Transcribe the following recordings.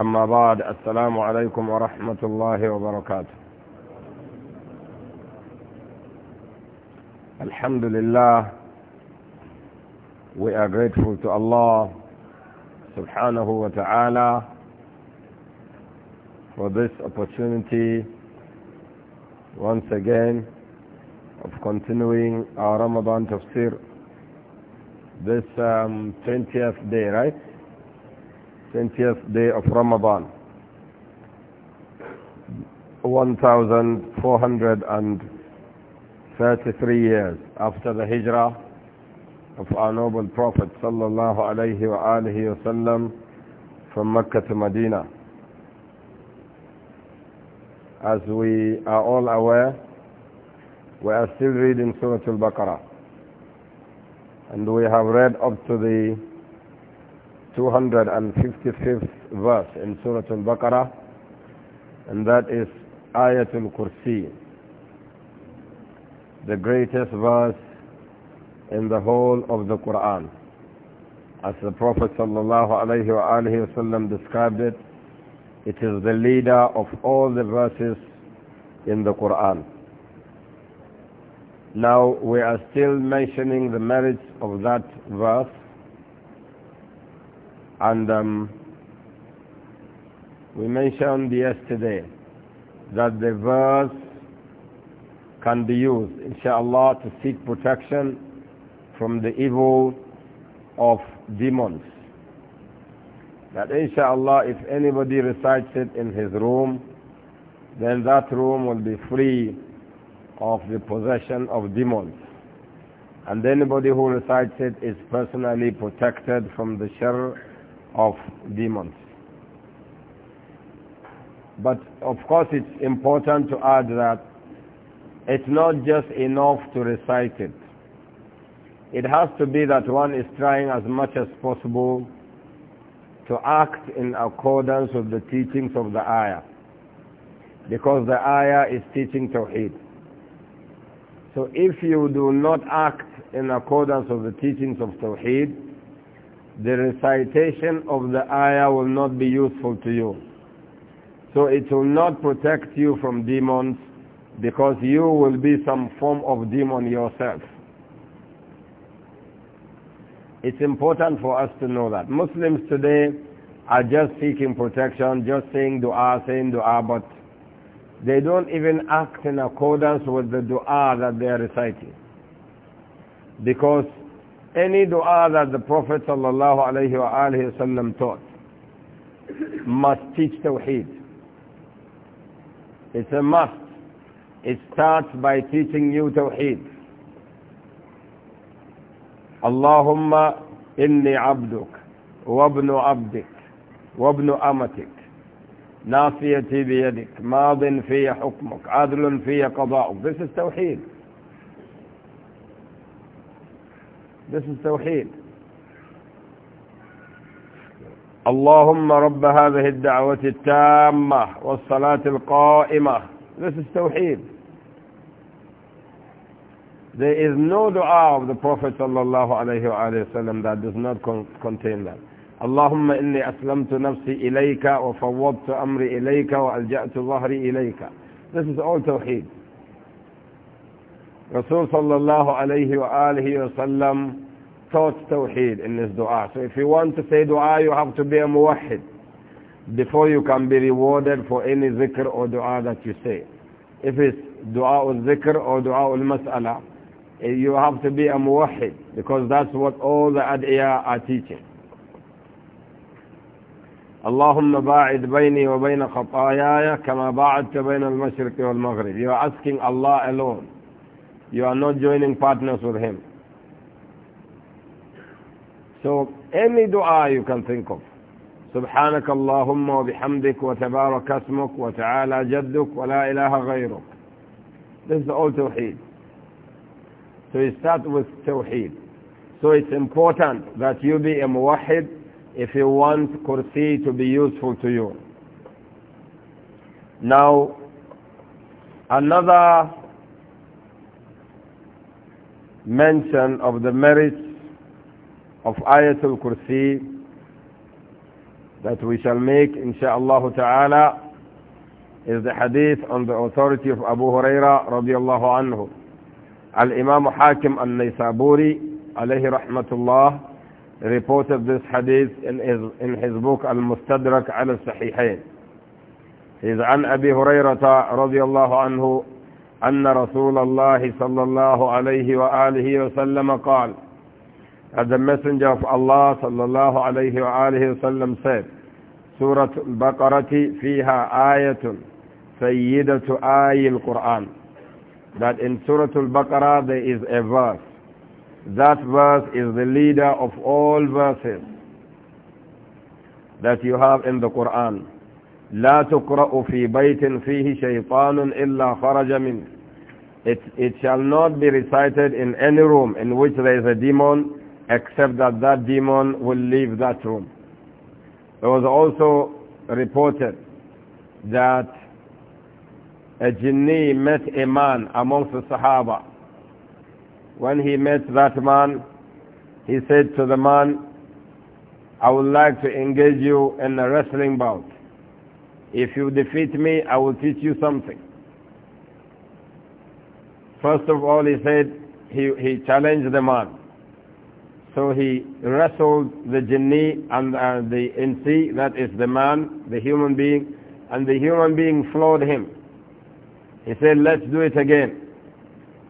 أما بعد السلام عليكم ورحمة الله وبركاته الحمد لله we are grateful to Allah subhanahu wa ta'ala for this opportunity once again of continuing our Ramadan tafsir this um, 20th day right 20th day of Ramadan 1433 years after the hijrah of our noble prophet sallallahu alaihi wasallam from Mecca to Medina as we are all aware we are still reading Surah Al-Baqarah and we have read up to the 255th verse in Surah Al-Baqarah and that is Ayatul Kursi the greatest verse in the whole of the Quran as the Prophet sallallahu described it it is the leader of all the verses in the Quran now we are still mentioning the merits of that verse and um, we mentioned yesterday that the verse can be used, inshallah, to seek protection from the evil of demons. That inshallah, if anybody recites it in his room, then that room will be free of the possession of demons. And anybody who recites it is personally protected from the shar of demons. But of course it's important to add that it's not just enough to recite it. It has to be that one is trying as much as possible to act in accordance with the teachings of the ayah. Because the ayah is teaching Tawheed. So if you do not act in accordance with the teachings of Tawheed, the recitation of the ayah will not be useful to you. So it will not protect you from demons because you will be some form of demon yourself. It's important for us to know that. Muslims today are just seeking protection, just saying dua, saying dua, but they don't even act in accordance with the dua that they are reciting. Because any dua that the Prophet sallallahu alayhi wa alayhi taught must teach Tawheed. It's a must. It starts by teaching you Tawheed. Allahumma inni abduk wabnu abdik wabnu amatik nasiyati biyadik madin fiya hukmuk adlun fiya qada'uk. This is Tawheed. ده اسم التوحيد اللهم رب هذه الدعوة التامة والصلاة القائمة This is Tawheed. There is no dua of the Prophet sallallahu alayhi wa sallam that does not con contain that. اللهم إني أسلمت نفسي إليك وفوضت أمري إليك وألجأت ظهري إليك. This is all Tawheed. رسول صلى الله عليه وآله وسلم taught Tawheed in his dua. So if you want to say dua, you have to be a muwahid before you can be rewarded for any zikr or dua that you say. If it's dua ul zikr or dua ul mas'ala, you have to be a muwahid because that's what all the ad'iyah are teaching. اللهم باعد بيني وبين خطاياي كما باعدت بين المشرق والمغرب. You are asking Allah alone You are not joining partners with him. So any dua you can think of. سبحانك اللهم وبحمدك وتبارك اسمك وتعالى جدك ولا إله غيرك. This is all Tawheed. So you start with Tawheed. So it's important that you be a muwahid if you want kursi to be useful to you. Now, another mention of the merits of Ayatul Kursi that we shall make insha'Allah ta'ala is the hadith on the authority of Abu Huraira radiallahu anhu. Al-Imam Hakim al-Naysaburi alayhi rahmatullah reported this hadith in his, in his book Al-Mustadrak al-Sahihain. He's an Abi Huraira radiallahu anhu أن رسول الله صلى الله عليه وآله وسلم قال هذا المسنجة الله صلى الله عليه وآله وسلم سيد سورة البقرة فيها آية سيدة آي القرآن that in سورة البقرة there is a verse that verse is the leader of all verses that you have in the Quran. لا تقرأ في بيت فيه شيطان إلا خرج منه it, it shall not be recited in any room in which there is a demon except that that demon will leave that room. It was also reported that a jinni met a man amongst the Sahaba. When he met that man, he said to the man, I would like to engage you in a wrestling bout. If you defeat me, I will teach you something. First of all, he said, he, he challenged the man. So he wrestled the jinni and uh, the insi, that is the man, the human being, and the human being floored him. He said, let's do it again.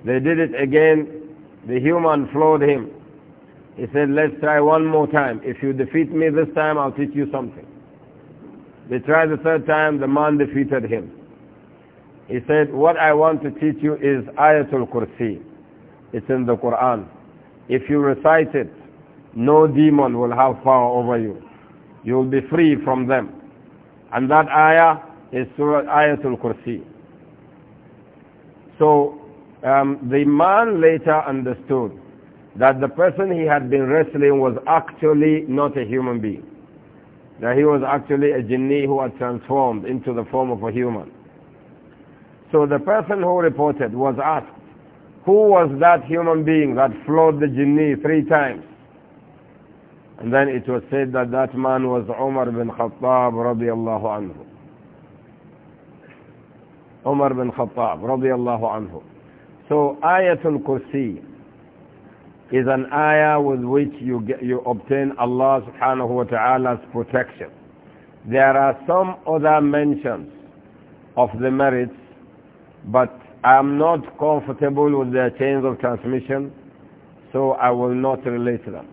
They did it again. The human floored him. He said, let's try one more time. If you defeat me this time, I'll teach you something. They tried the third time, the man defeated him. He said, what I want to teach you is Ayatul Kursi. It's in the Quran. If you recite it, no demon will have power over you. You will be free from them. And that ayah is Surah Ayatul Kursi. So um, the man later understood that the person he had been wrestling was actually not a human being that he was actually a jinni who had transformed into the form of a human. So the person who reported was asked, who was that human being that flowed the jinni three times? And then it was said that that man was Umar bin Khattab radiallahu anhu. Umar bin Khattab radiallahu anhu. So Ayatul Kursi is an ayah with which you, get, you obtain Allah subhanahu wa ta'ala's protection. There are some other mentions of the merits, but I'm not comfortable with their chains of transmission, so I will not relate them.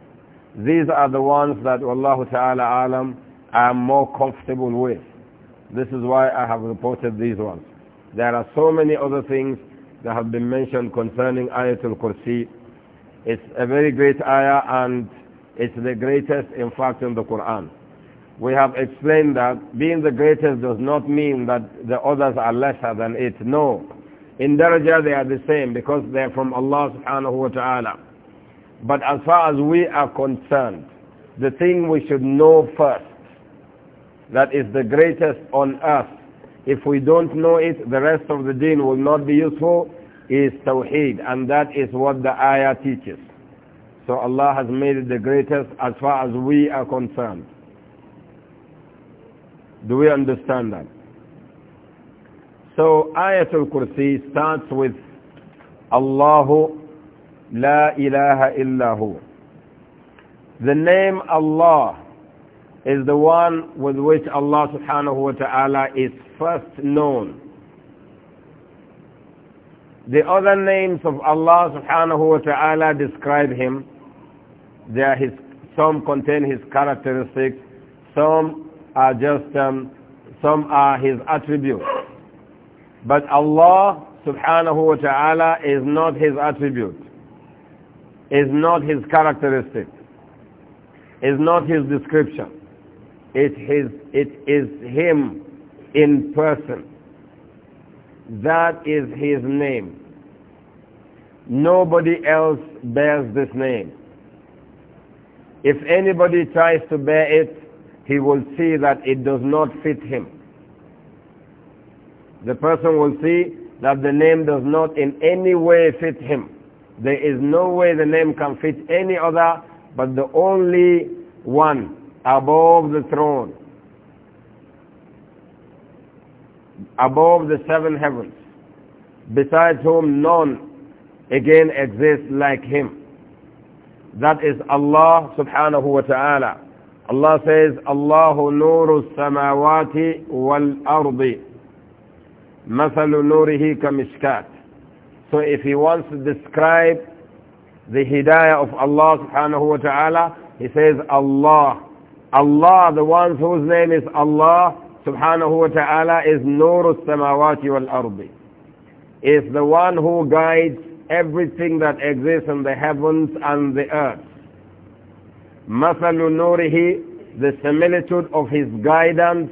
These are the ones that Allah Ta'ala Alam I am more comfortable with. This is why I have reported these ones. There are so many other things that have been mentioned concerning Ayatul Kursi it's a very great ayah and it's the greatest, in fact, in the Quran. We have explained that being the greatest does not mean that the others are lesser than it. No. In Daraja they are the same because they are from Allah subhanahu wa ta'ala. But as far as we are concerned, the thing we should know first, that is the greatest on earth. If we don't know it, the rest of the deen will not be useful is Tawheed and that is what the ayah teaches. So Allah has made it the greatest as far as we are concerned. Do we understand that? So Ayatul Kursi starts with Allahu La ilaha illahu. The name Allah is the one with which Allah subhanahu wa ta'ala is first known the other names of Allah subhanahu wa ta'ala describe him. There his, some contain his characteristics, some are just, um, some are his attributes. But Allah subhanahu wa ta'ala is not his attribute, is not his characteristic, is not his description. It is, it is him in person. That is his name. Nobody else bears this name. If anybody tries to bear it, he will see that it does not fit him. The person will see that the name does not in any way fit him. There is no way the name can fit any other but the only one above the throne above the seven heavens, besides whom none again exists like him. That is Allah subhanahu wa ta'ala. Allah says, Allahu nuru samawati wal ardi. Masalu nurihi kamishkat. So if he wants to describe the hidayah of Allah subhanahu wa ta'ala, he says Allah. Allah, the one whose name is Allah, subhanahu wa ta'ala is Nurus Samawati wal Ardi. Is the one who guides everything that exists in the heavens and the earth. Masalu Nurihi, the similitude of his guidance,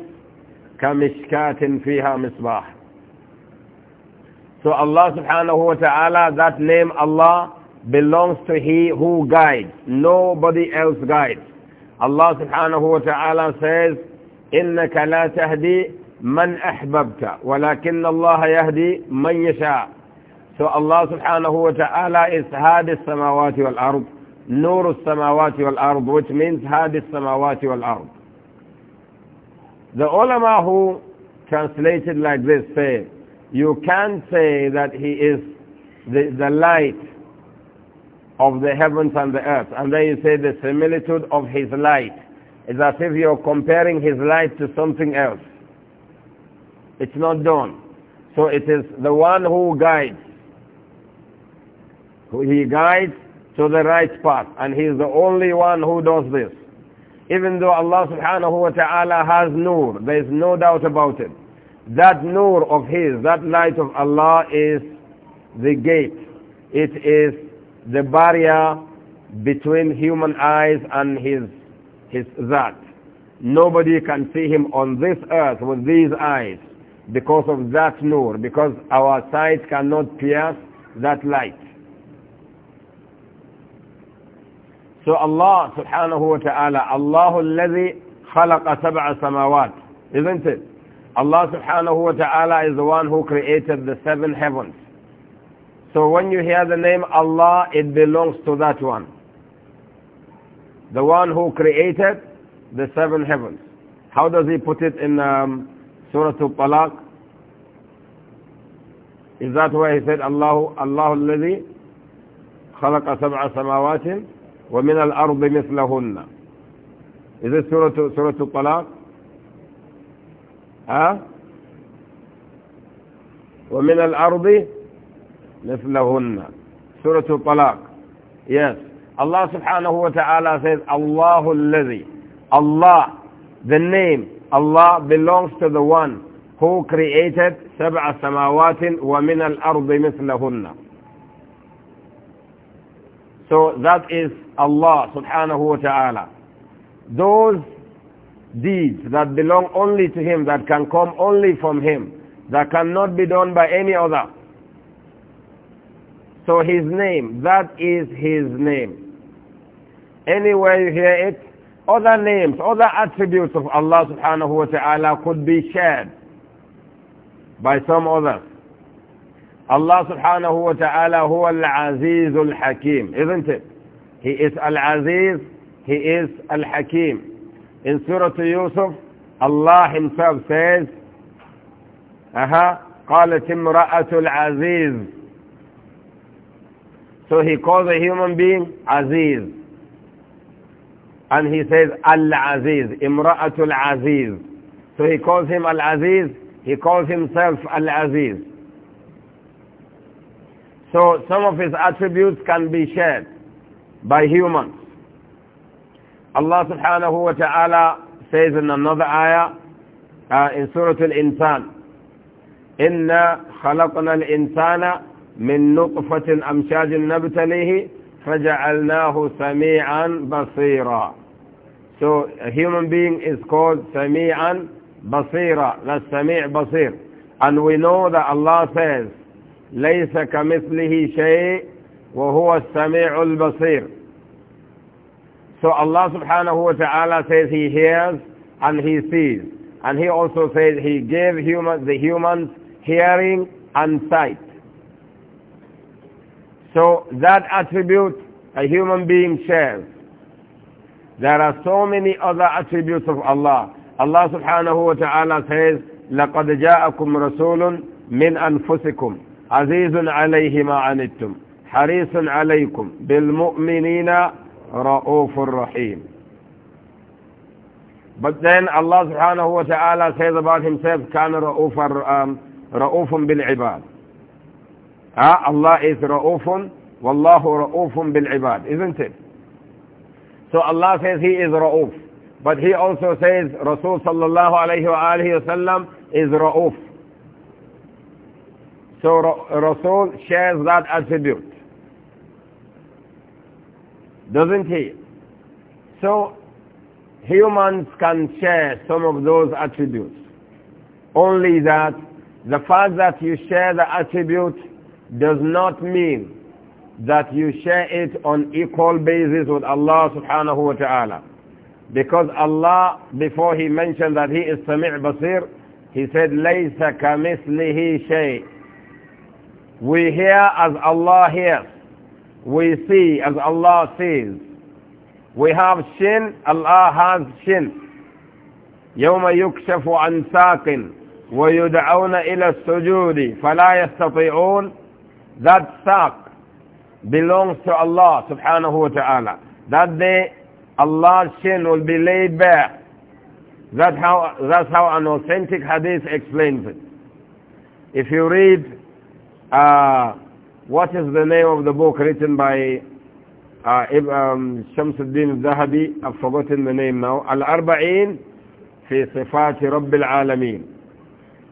kamishkatin fiha misbah. So Allah subhanahu wa ta'ala, that name Allah belongs to He who guides. Nobody else guides. Allah subhanahu wa ta'ala says, إنك لا تهدي من أحببت ولكن الله يهدي من يشاء So Allah subhanahu wa ta'ala is hadis samawati wal ard, nur which means هاد السماوات والأرض The ulama who translated like this say, you can say that he is the, the light of the heavens and the earth. And then you say the similitude of his light. It's as if you're comparing his life to something else. It's not done. So it is the one who guides. He guides to the right path. And he is the only one who does this. Even though Allah subhanahu wa ta'ala has nur, there is no doubt about it. That nur of his, that light of Allah is the gate. It is the barrier between human eyes and his his that. Nobody can see him on this earth with these eyes because of that nur, because our sight cannot pierce that light. So Allah subhanahu wa ta'ala, Allahu alladhi khalaqa sab'a samawat, isn't it? Allah subhanahu wa ta'ala is the one who created the seven heavens. So when you hear the name Allah, it belongs to that one the one who created the seven heavens. How does he put it in um, Surah Al-Talaq? Is that why he said, Allah, Allah الذي خلق سبع سماوات ومن الأرض مثلهن Is it Surah, Surah Al-Talaq? Huh? ومن الأرض مثلهن Surah Al-Talaq. Yes. Allah subhanahu wa ta'ala says, Allahu الذي Allah, the name, Allah belongs to the one who created سبع سماوات ومن الأرض مثلهن. So that is Allah subhanahu wa ta'ala. Those deeds that belong only to Him, that can come only from Him, that cannot be done by any other. So His name, that is His name. Anywhere you hear it, other names, other attributes of Allah subhanahu wa ta'ala could be shared by some others. Allah subhanahu wa ta'ala huwa al-aziz al-hakim, isn't it? He is al-aziz, he is al-hakim. In Surah Yusuf, Allah himself says, "Aha, قالت امرأة العزيز So he calls a human being Aziz. and he says Al-Aziz, Imra'atul Aziz. So he calls him Al-Aziz, he calls himself Al-Aziz. So some of his attributes can be shared by humans. Allah subhanahu wa ta'ala says in another ayah uh, in Surah Al-Insan, إِنَّا خَلَقْنَا الْإِنسَانَ مِنْ نُطْفَةٍ أَمْشَاجٍ نَبْتَلِيهِ فَجَعَلْنَاهُ سَمِيعًا بَصِيرًا So a human being is called سَمِيعًا بَصِيرًا That's سَمِيع بَصِير And we know that Allah says لَيْسَ كَمِثْلِهِ شَيْءٍ وَهُوَ السَّمِيعُ الْبَصِيرُ So Allah subhanahu wa ta'ala says He hears and He sees. And He also says He gave human, the humans hearing and sight. So that attribute a human being shares. There are so many other attributes of Allah. Allah subhanahu wa ta'ala says, لَقَدْ جَاءَكُمْ رَسُولٌ مِّنْ أَنفُسِكُمْ عَزِيزٌ عَلَيْهِ مَا عَنِتُّمْ حَرِيصٌ عَلَيْكُمْ بِالْمُؤْمِنِينَ رَؤُوفٌ رَحِيمٌ But then Allah subhanahu wa ta'ala says about himself, كَانَ رَؤُوفٌ بِالْعِبَادِ Ah, Allah is ra'ufun, wallahu ra'ufun bil ibad, isn't it? So Allah says He is ra'uf. But He also says Rasul sallallahu alayhi wa alayhi wa is ra'uf. So Rasul shares that attribute. Doesn't he? So humans can share some of those attributes. Only that the fact that you share the attribute does not mean that you share it on equal basis with Allah subhanahu wa ta'ala. Because Allah, before He mentioned that He is Sami' Basir, He said, لَيْسَ كَمِثْلِهِ شَيْءٍ We hear as Allah hears. We see as Allah sees. We have shin, Allah has shin. يوم يكشف عن ساق ويدعون إلى السجود فلا يستطيعون that sack belongs to Allah subhanahu wa ta'ala. That day Allah's shin will be laid bare. That's how, that's how an authentic hadith explains it. If you read, uh, what is the name of the book written by uh, um, Shamsuddin Zahabi, I've forgotten the name now, Al-Arba'in fi Sifati Rabbil Alameen.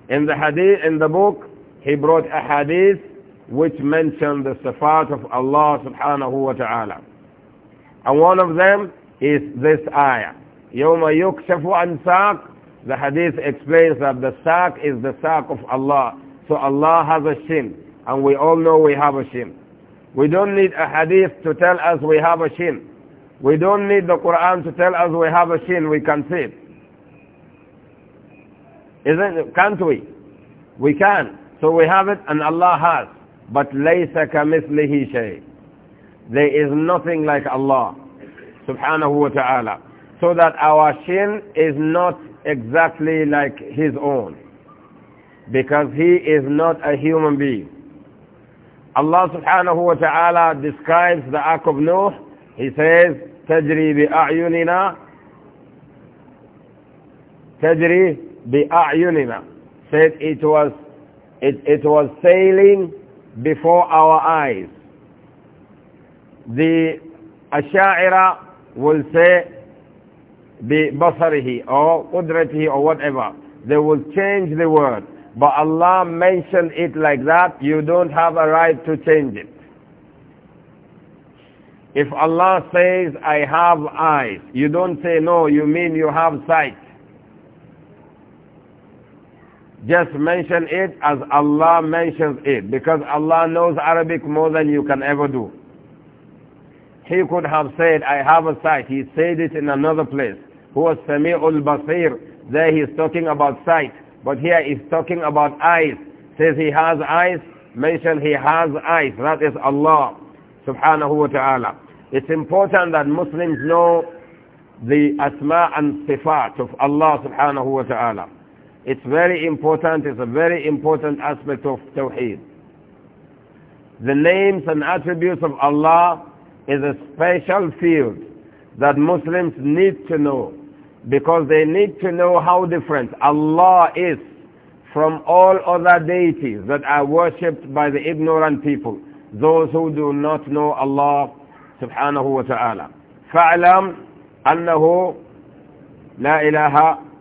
In the hadith, in the book, he brought a hadith which mention the sifat of Allah subhanahu wa ta'ala. And one of them is this ayah. يَوْمَ يُكْشَفُ عَنْ سَاقٍ The hadith explains that the saq is the saq of Allah. So Allah has a shin. And we all know we have a shin. We don't need a hadith to tell us we have a shin. We don't need the Quran to tell us we have a shin. We can see it. Isn't, can't we? We can. So we have it and Allah has. But لَيْسَ كَمِثْلِهِ shay. There is nothing like Allah subhanahu wa ta'ala. So that our shin is not exactly like his own. Because he is not a human being. Allah subhanahu wa ta'ala describes the Ark of Noah. He says, تَجْرِي بِأَعْيُنِنَا تَجْرِي بِأَعْيُنِنَا Said it was, it, it was sailing before our eyes. The Asha'ira will say بِبَصَرِهِ or قُدْرَتِهِ or whatever. They will change the word. But Allah mentioned it like that, you don't have a right to change it. If Allah says, I have eyes, you don't say, no, you mean you have sight. Just mention it as Allah mentions it because Allah knows Arabic more than you can ever do. He could have said, I have a sight. He said it in another place. Who was Sami'ul Basir. There he's talking about sight. But here he's talking about eyes. Says he has eyes. Mention he has eyes. That is Allah subhanahu wa ta'ala. It's important that Muslims know the asma and sifat of Allah subhanahu wa ta'ala. It's very important, it's a very important aspect of Tawheed. The names and attributes of Allah is a special field that Muslims need to know because they need to know how different Allah is from all other deities that are worshipped by the ignorant people, those who do not know Allah subhanahu wa ta'ala. فَاعْلَمْ أَنَّهُ لَا إِلَهَ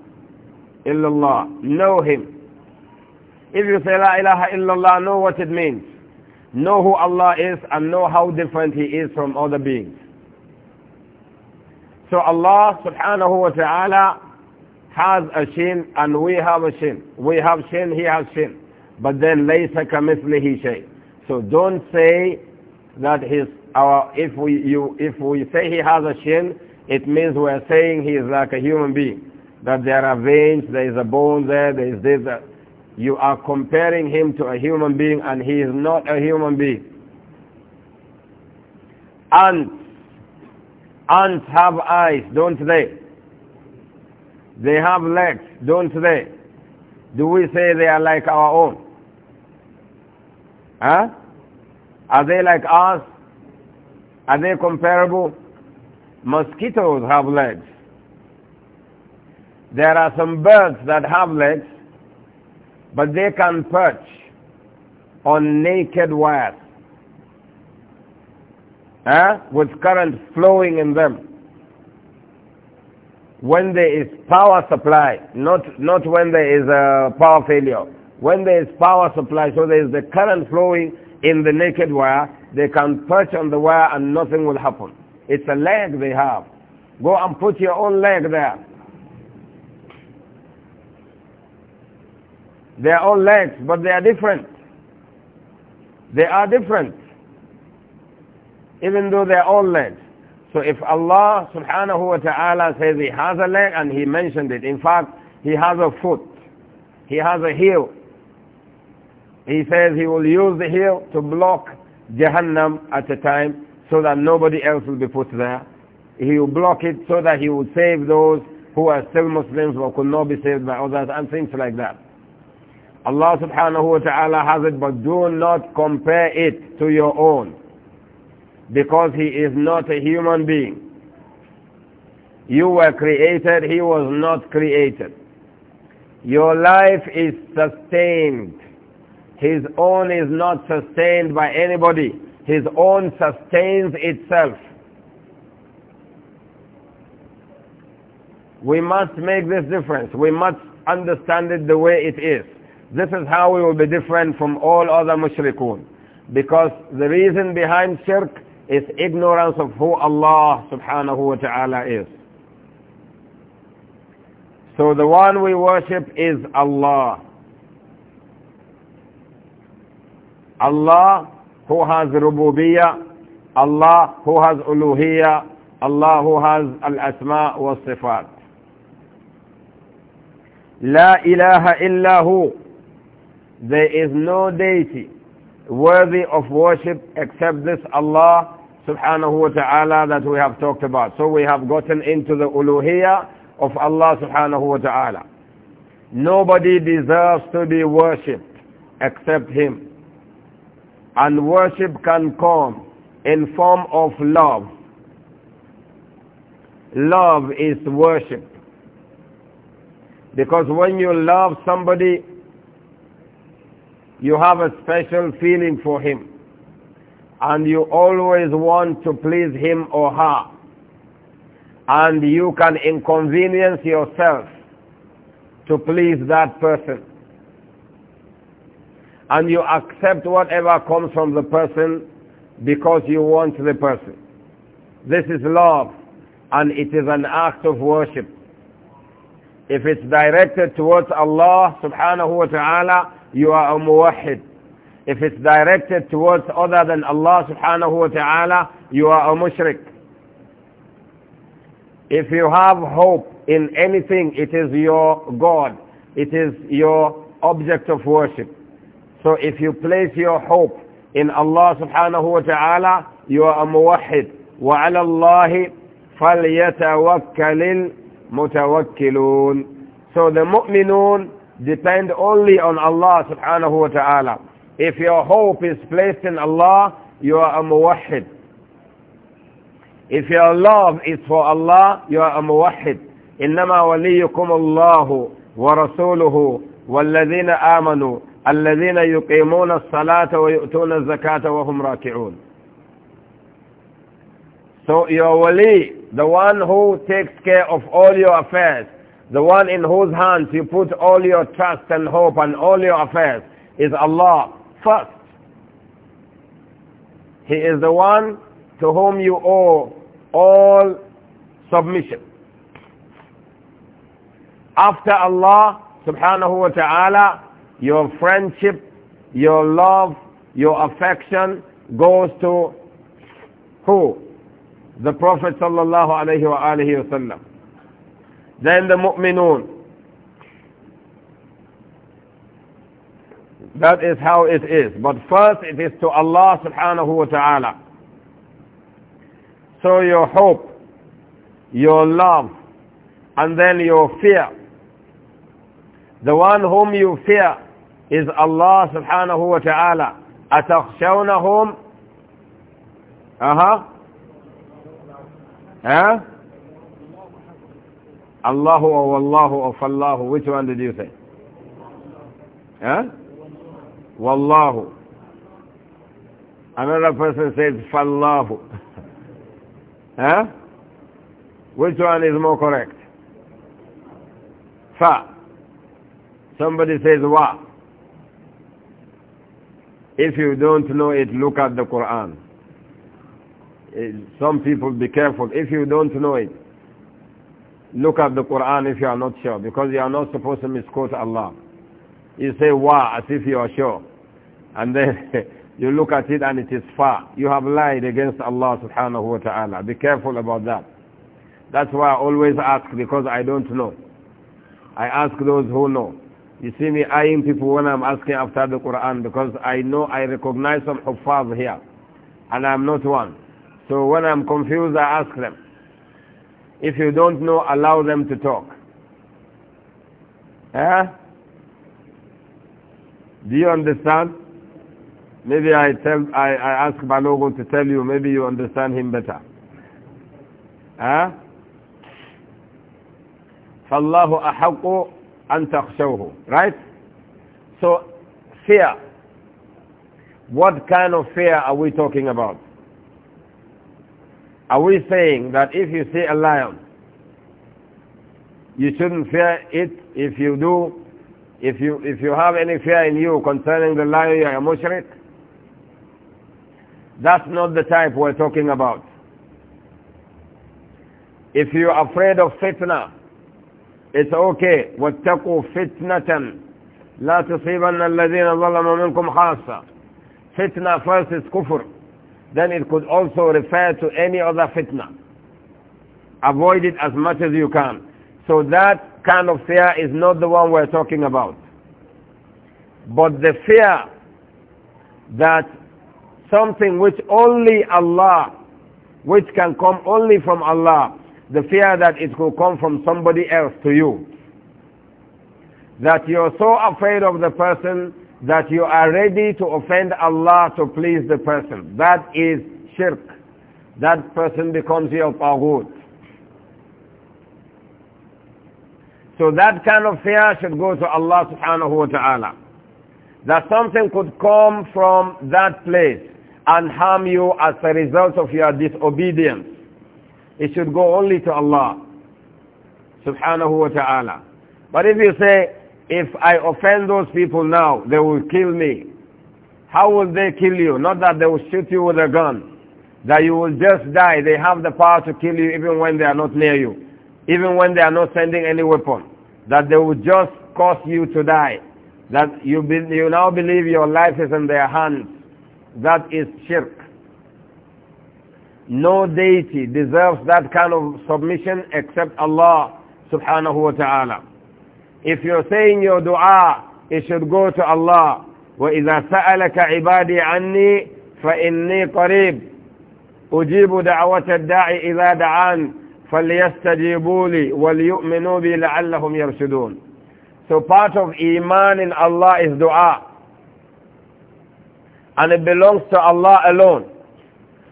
illallah, know him. If you say la ilaha illallah, know what it means. Know who Allah is and know how different he is from other beings. So Allah subhanahu wa ta'ala has a shin and we have a shin. We have shin, he has shin. But then laysa kamithlihi shay. So don't say that his, our, if, we, you, if we say he has a shin, it means we're saying he is like a human being that there are veins, there is a bone there, there is this. That. You are comparing him to a human being and he is not a human being. Ants. Ants have eyes, don't they? They have legs, don't they? Do we say they are like our own? Huh? Are they like us? Are they comparable? Mosquitoes have legs. There are some birds that have legs, but they can perch on naked wires eh, with current flowing in them when there is power supply, not, not when there is a uh, power failure. When there is power supply, so there is the current flowing in the naked wire, they can perch on the wire and nothing will happen. It's a leg they have. Go and put your own leg there. They are all legs, but they are different. They are different. Even though they are all legs. So if Allah subhanahu wa ta'ala says he has a leg, and he mentioned it, in fact, he has a foot, he has a heel. He says he will use the heel to block Jahannam at a time so that nobody else will be put there. He will block it so that he will save those who are still Muslims but could not be saved by others and things like that. Allah subhanahu wa ta'ala has it, but do not compare it to your own. Because he is not a human being. You were created, he was not created. Your life is sustained. His own is not sustained by anybody. His own sustains itself. We must make this difference. We must understand it the way it is. This is how we will be different from all other mushrikun. Because the reason behind shirk is ignorance of who Allah subhanahu wa ta'ala is. So the one we worship is Allah. Allah who has rububiyya, Allah who has uluhiyya, Allah who has al-asma wa sifat. La ilaha illa hu. There is no deity worthy of worship except this Allah subhanahu wa ta'ala that we have talked about. So we have gotten into the uluhiyah of Allah subhanahu wa ta'ala. Nobody deserves to be worshipped except Him. And worship can come in form of love. Love is worship. Because when you love somebody, you have a special feeling for him. And you always want to please him or her. And you can inconvenience yourself to please that person. And you accept whatever comes from the person because you want the person. This is love and it is an act of worship. If it's directed towards Allah subhanahu wa ta'ala, you are a muwahid. If it's directed towards other than Allah subhanahu wa ta'ala, you are a mushrik. If you have hope in anything, it is your God. It is your object of worship. So if you place your hope in Allah subhanahu wa ta'ala, you are a muwahid. وعلى الله فليتوكل المتوكلون So the mu'minun Depend only on Allah subhanahu wa ta'ala. If your hope is placed in Allah, you are a muwahhid. If your love is for Allah, you are a muwahhid. إنما وليكم الله ورسوله والذين آمنوا الذين يقيمون الصلاة ويؤتون الزكاة وهم راكعون So your wali, the one who takes care of all your affairs, the one in whose hands you put all your trust and hope and all your affairs is Allah first. He is the one to whom you owe all submission. After Allah subhanahu wa ta'ala, your friendship, your love, your affection goes to who? The Prophet sallallahu alayhi wa alayhi wa sallam. Then the mu'minun. That is how it is. But first it is to Allah subhanahu wa ta'ala. So your hope, your love, and then your fear. The one whom you fear is Allah subhanahu wa ta'ala. أتخشونهم أها uh-huh. Huh. Allahu or Wallahu or Fallahu, which one did you say? Huh? Wallahu. Another person said Fallahu. huh? Which one is more correct? Fa. Somebody says Wa. If you don't know it, look at the Quran. Eh, some people be careful. If you don't know it, Look at the Quran if you are not sure, because you are not supposed to misquote Allah. You say wa as if you are sure. And then you look at it and it is far. You have lied against Allah subhanahu wa ta'ala. Be careful about that. That's why I always ask because I don't know. I ask those who know. You see me eyeing people when I'm asking after the Quran because I know I recognize some huffaz here and I'm not one. So when I'm confused I ask them. If you don't know, allow them to talk. Eh? Do you understand? Maybe I tell I, I ask Balogun to tell you, maybe you understand him better. Eh? فَاللَّهُ أَحَقُّ أَن تَخْشَوْهُ Right? So, fear. What kind of fear are we talking about? Are we saying that if you see a lion, you shouldn't fear it? If you do, if you, if you have any fear in you concerning the lion, you are a mushrik? That's not the type we're talking about. If you're afraid of fitna, it's okay. وَاتَّقُوا فِتْنَةً لَا تُصِيبَنَّ الَّذِينَ ظَلَمَ مِنْكُمْ خَاصَّةً Fitna first is kufr then it could also refer to any other fitna. Avoid it as much as you can. So that kind of fear is not the one we're talking about. But the fear that something which only Allah, which can come only from Allah, the fear that it will come from somebody else to you. That you're so afraid of the person that you are ready to offend Allah to please the person. That is shirk. That person becomes your taghut. So that kind of fear should go to Allah subhanahu wa ta'ala. That something could come from that place and harm you as a result of your disobedience. It should go only to Allah subhanahu wa ta'ala. But if you say, if I offend those people now, they will kill me. How will they kill you? Not that they will shoot you with a gun. That you will just die. They have the power to kill you even when they are not near you. Even when they are not sending any weapon. That they will just cause you to die. That you, be, you now believe your life is in their hands. That is shirk. No deity deserves that kind of submission except Allah subhanahu wa ta'ala. If you're saying your dua, it should go to Allah. وَإِذَا سَأَلَكَ عِبَادِي عَنِّي فَإِنِّي قَرِيبٌ أُجِيبُ دَعْوَةَ الدَّاعِ إِذَا دَعَانِ فَلْيَسْتَجِيبُوا لِي وَلْيُؤْمِنُوا بِي لَعَلَّهُمْ يَرْشُدُونَ So part of Iman in Allah is dua. And it belongs to Allah alone.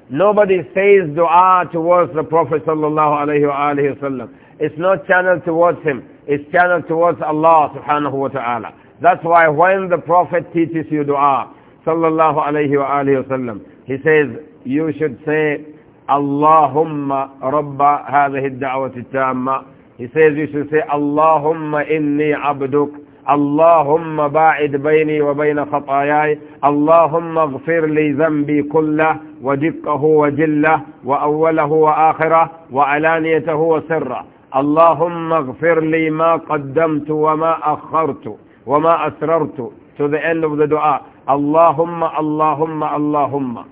Nobody says dua towards the Prophet sallallahu alayhi wa sallam. It's not channeled towards him. It's channeled towards Allah subhanahu wa ta'ala. That's why when the Prophet teaches you dua, sallallahu alayhi wa alayhi wa sallam, he says, you should say, Allahumma rabba hadhi ad-da'wati tamma. He says you should say, Allahumma inni abduk. اللهم باعد بيني وبين خطاياي اللهم اغفر لي ذنبي كله ودقه وجله وأوله وآخره وعلانيته وسره اللهم اغفر لي ما قدمت وما أخرت وما أسررت to the end of the دعاء اللهم اللهم اللهم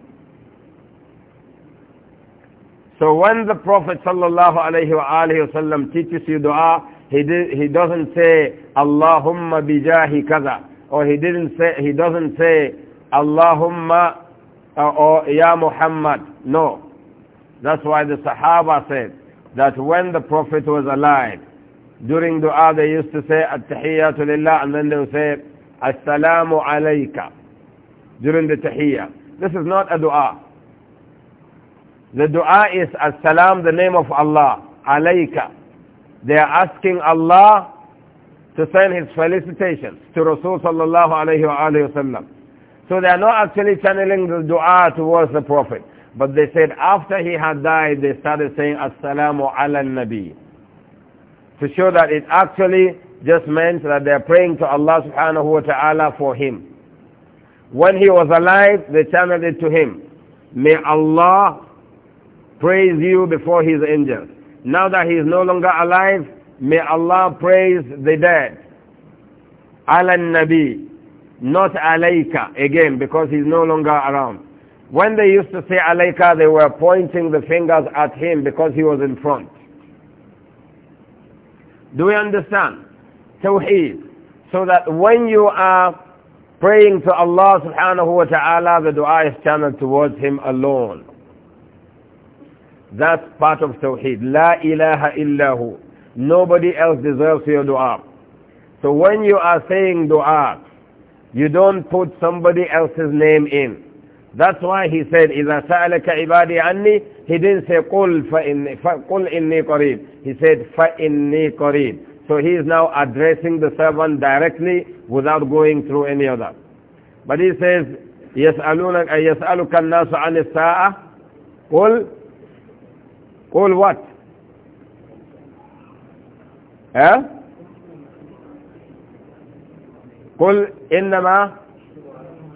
so when the Prophet sallallahu alayhi wa teaches you dua he, did, he doesn't say Allahumma bijahi kaza or he didn't say he doesn't say Allahumma uh, or Ya Muhammad no that's why the Sahaba said that when the Prophet was alive, during dua they used to say At-Tahiyyatu Lillah and then they would say as-salamu Alayka during the Tahiyyah. This is not a dua. The dua is as-salam, the name of Allah, Alayka. They are asking Allah to send his felicitations to Rasulullah sallallahu alayhi wa sallam. So they are not actually channeling the dua towards the Prophet. But they said after he had died, they started saying, Assalamu ala nabi. To show that it actually just meant that they're praying to Allah subhanahu wa ta'ala for him. When he was alive, they channeled it to him. May Allah praise you before his angels. Now that he is no longer alive, may Allah praise the dead. Ala nabi, not alaika again, because he's no longer around. When they used to say Alayka, they were pointing the fingers at him because he was in front. Do we understand? Tawheed. So that when you are praying to Allah subhanahu wa ta'ala, the dua is channeled towards Him alone. That's part of Tawheed. La ilaha illahu. Nobody else deserves your dua. So when you are saying dua, you don't put somebody else's name in. That's why he said, إِذَا سَأَلَكَ عِبَادِي عَنِّي He didn't say, قُلْ, فإن, قل إِنِّي قَرِيب He said, فَإِنِّي قَرِيب So he is now addressing the servant directly without going through any other. But he says, يَسْأَلُونَكَ يَسْأَلُكَ النَّاسُ عَنِ السَّاعَةِ قُلْ قُلْ what? Eh? قُلْ إِنَّمَا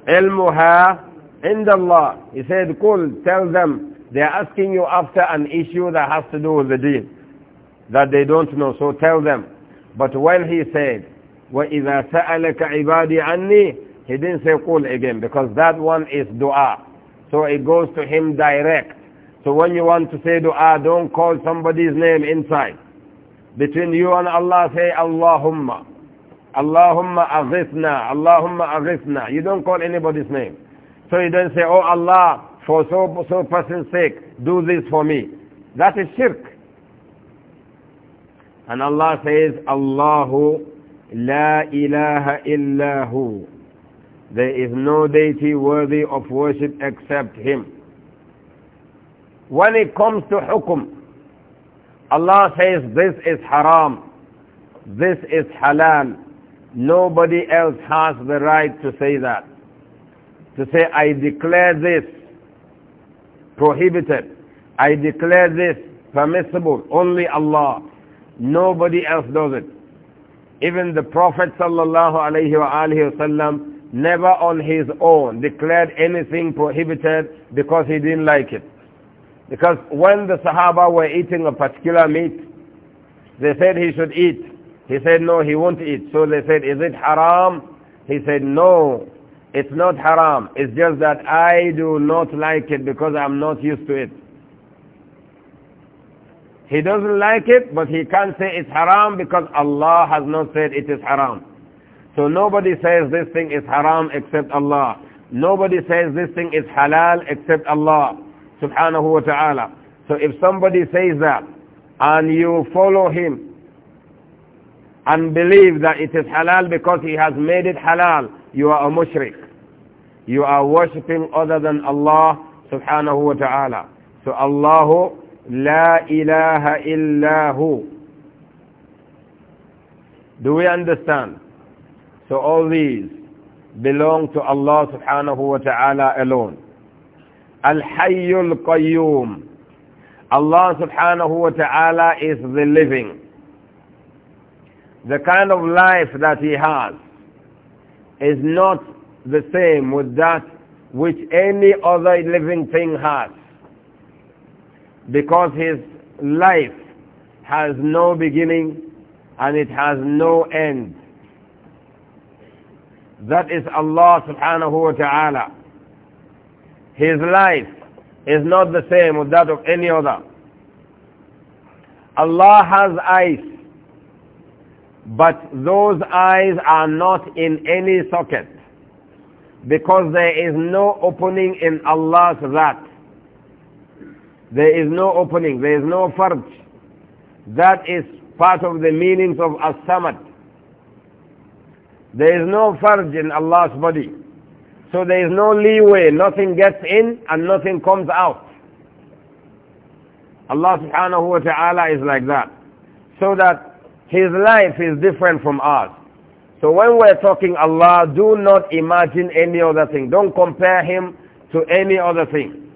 عِلْمُهَا عند Allah. He said, قل, tell them, they are asking you after an issue that has to do with the deen, that they don't know, so tell them. But when he said, وَإِذَا سَأَلَكَ عِبَادِي عَنِّي He didn't say قُل again, because that one is dua. So it goes to him direct. So when you want to say dua, don't call somebody's name inside. Between you and Allah, say Allahumma. Allahumma aghithna. Allahumma aghithna. You don't call anybody's name. So he does not say, oh Allah, for so, so person's sake, do this for me. That is shirk. And Allah says, Allahu la ilaha illahu. There is no deity worthy of worship except Him. When it comes to hukum, Allah says this is haram, this is halal. Nobody else has the right to say that to say, I declare this prohibited. I declare this permissible. Only Allah. Nobody else does it. Even the Prophet sallallahu alaihi wasallam never on his own declared anything prohibited because he didn't like it. Because when the Sahaba were eating a particular meat, they said he should eat. He said, no, he won't eat. So they said, is it haram? He said, no, it's not haram. It's just that I do not like it because I'm not used to it. He doesn't like it, but he can't say it's haram because Allah has not said it is haram. So nobody says this thing is haram except Allah. Nobody says this thing is halal except Allah subhanahu wa ta'ala. So if somebody says that and you follow him and believe that it is halal because he has made it halal, you are a mushrik. You are worshipping other than Allah subhanahu wa ta'ala. So Allahu la ilaha illahu. Do we understand? So all these belong to Allah subhanahu wa ta'ala alone. Al-Hayyul Qayyum. Allah subhanahu wa ta'ala is the living. The kind of life that he has is not the same with that which any other living thing has because his life has no beginning and it has no end. That is Allah subhanahu wa ta'ala. His life is not the same with that of any other. Allah has eyes, but those eyes are not in any socket because there is no opening in Allah's that. There is no opening, there is no farj. That is part of the meanings of as-samad. There is no farj in Allah's body. So there is no leeway, nothing gets in and nothing comes out. Allah subhanahu wa ta'ala is like that. So that his life is different from ours. So when we're talking Allah, do not imagine any other thing. Don't compare him to any other thing.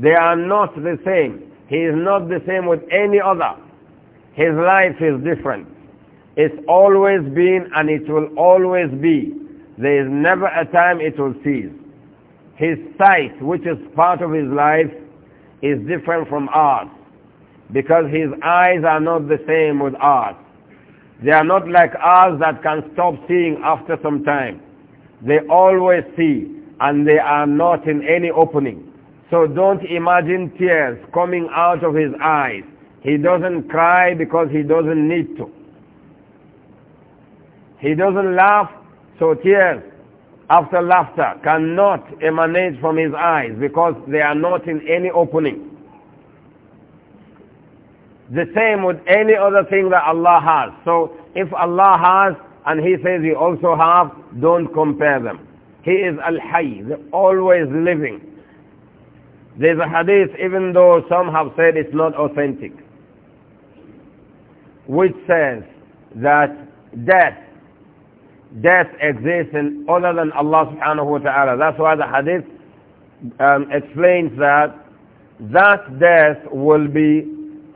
They are not the same. He is not the same with any other. His life is different. It's always been and it will always be. There is never a time it will cease. His sight, which is part of his life, is different from ours because his eyes are not the same with ours. They are not like us that can stop seeing after some time. They always see and they are not in any opening. So don't imagine tears coming out of his eyes. He doesn't cry because he doesn't need to. He doesn't laugh, so tears after laughter cannot emanate from his eyes because they are not in any opening. The same with any other thing that Allah has. So if Allah has and He says you also have, don't compare them. He is Al-Hayy, the always living. There's a hadith, even though some have said it's not authentic, which says that death, death exists in other than Allah subhanahu wa ta'ala. That's why the hadith um, explains that that death will be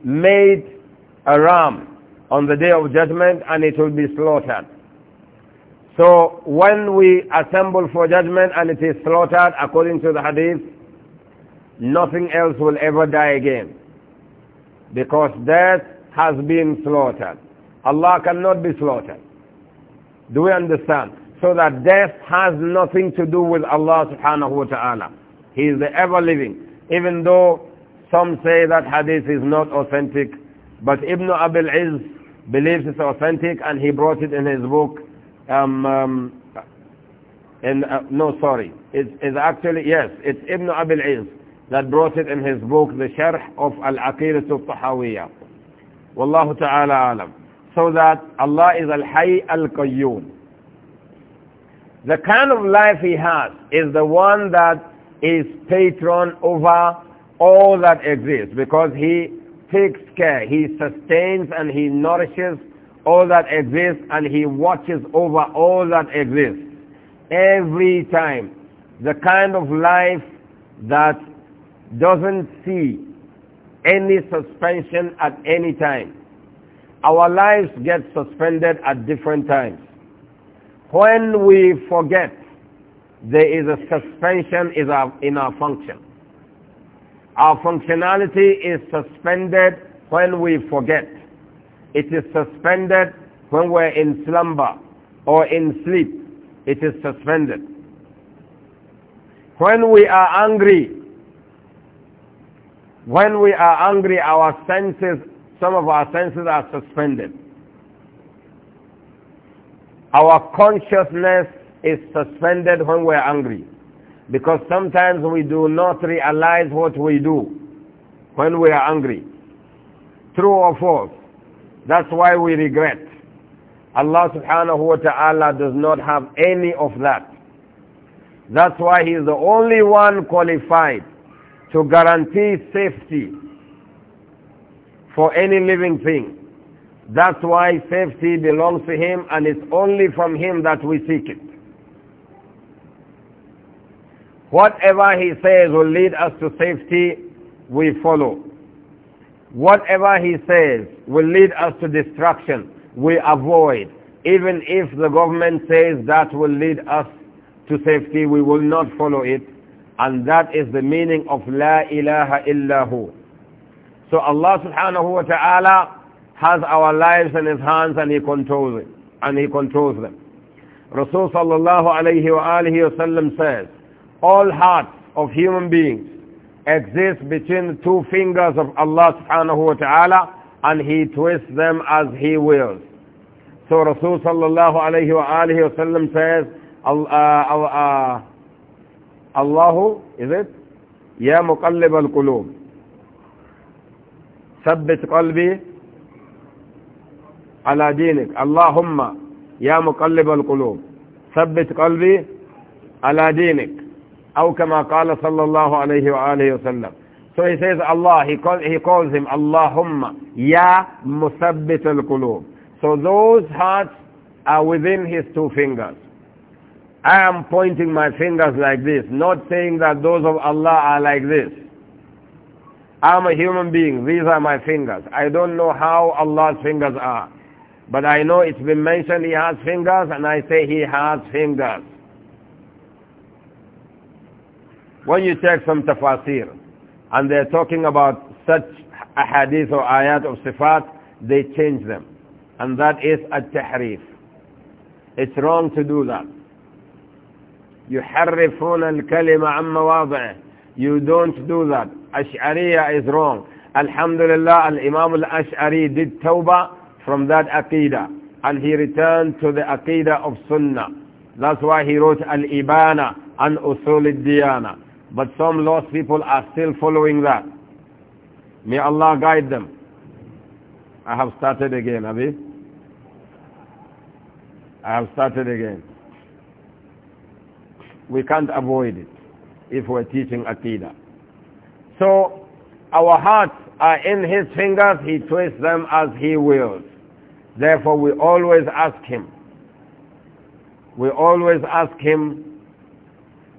made a ram on the day of judgment and it will be slaughtered. So when we assemble for judgment and it is slaughtered according to the hadith, nothing else will ever die again. Because death has been slaughtered. Allah cannot be slaughtered. Do we understand? So that death has nothing to do with Allah subhanahu wa ta'ala. He is the ever living. Even though some say that hadith is not authentic, but Ibn Abil Izz believes it's authentic and he brought it in his book. Um, um, in, uh, no, sorry. It's, it's actually, yes, it's Ibn Abil Izz that brought it in his book, The Sharh of Al-Aqidah Al-Tahawiyah. Wallahu ta'ala alam. So that Allah is Al-Hayy Al-Qayyum. The kind of life he has is the one that is patron over all that exists because he takes care, he sustains and he nourishes all that exists and he watches over all that exists. Every time, the kind of life that doesn't see any suspension at any time. Our lives get suspended at different times. When we forget, there is a suspension in our function. Our functionality is suspended when we forget. It is suspended when we're in slumber or in sleep. It is suspended. When we are angry, when we are angry, our senses, some of our senses are suspended. Our consciousness is suspended when we're angry. Because sometimes we do not realize what we do when we are angry. True or false. That's why we regret. Allah subhanahu wa ta'ala does not have any of that. That's why He is the only one qualified to guarantee safety for any living thing. That's why safety belongs to Him and it's only from Him that we seek it. Whatever he says will lead us to safety, we follow. Whatever he says will lead us to destruction, we avoid. Even if the government says that will lead us to safety, we will not follow it. And that is the meaning of La ilaha illahu. So Allah subhanahu wa ta'ala has our lives in his hands and he controls it. And he controls them. Rasul sallallahu alayhi wa alihi wa sallam says, all hearts of human beings exist between the two fingers of Allah subhanahu wa ta'ala and he twists them as he wills. So Rasulullah sallallahu alayhi wa alihi wa sallam says, Allah, uh, uh, Allahu, is it? Ya muqallib al-qulub. Sabbit qalbi ala dinik. Allahumma, ya muqallib al-qulub. Sabbit qalbi ala dinik. أو كما قال صلى الله عليه So he says Allah, he, call, he calls him Allahumma, Ya Musabbit al kulub. So those hearts are within his two fingers. I am pointing my fingers like this, not saying that those of Allah are like this. I'm a human being, these are my fingers. I don't know how Allah's fingers are. But I know it's been mentioned he has fingers and I say he has fingers. When you take some tafasir and they're talking about such ahadith or ayat of sifat, they change them. And that a at-tahrif. It's wrong to do that. يحرفون الكلمة عن مواضعه You don't do that. Ash'ariya is wrong. Alhamdulillah, Al-Imam Al-Ash'ari did tawbah from that aqidah. And he returned to the aqidah of sunnah. That's why he wrote Al-Ibana and Usul Al-Diyana. But some lost people are still following that. May Allah guide them. I have started again, Abi. I have started again. We can't avoid it if we're teaching Aqidah. So, our hearts are in His fingers. He twists them as He wills. Therefore, we always ask Him. We always ask Him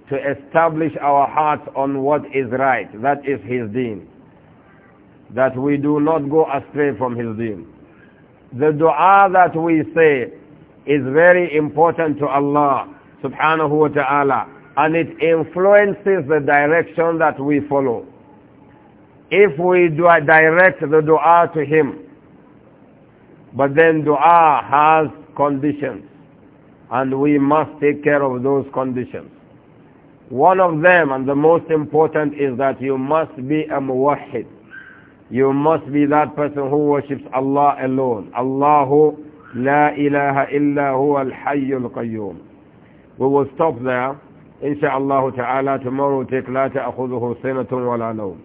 to establish our hearts on what is right. That is his deen. That we do not go astray from his deen. The dua that we say is very important to Allah subhanahu wa ta'ala and it influences the direction that we follow. If we do direct the dua to him, but then dua has conditions and we must take care of those conditions. One of them, and the most important, is that you must be a muwahid. You must be that person who worships Allah alone. Allahu la ilaha illa huwa al-hayyul qayyum. We will stop there. Insha'Allah ta'ala, tomorrow take la ta'akhudhuhu sinatun wa la nawm.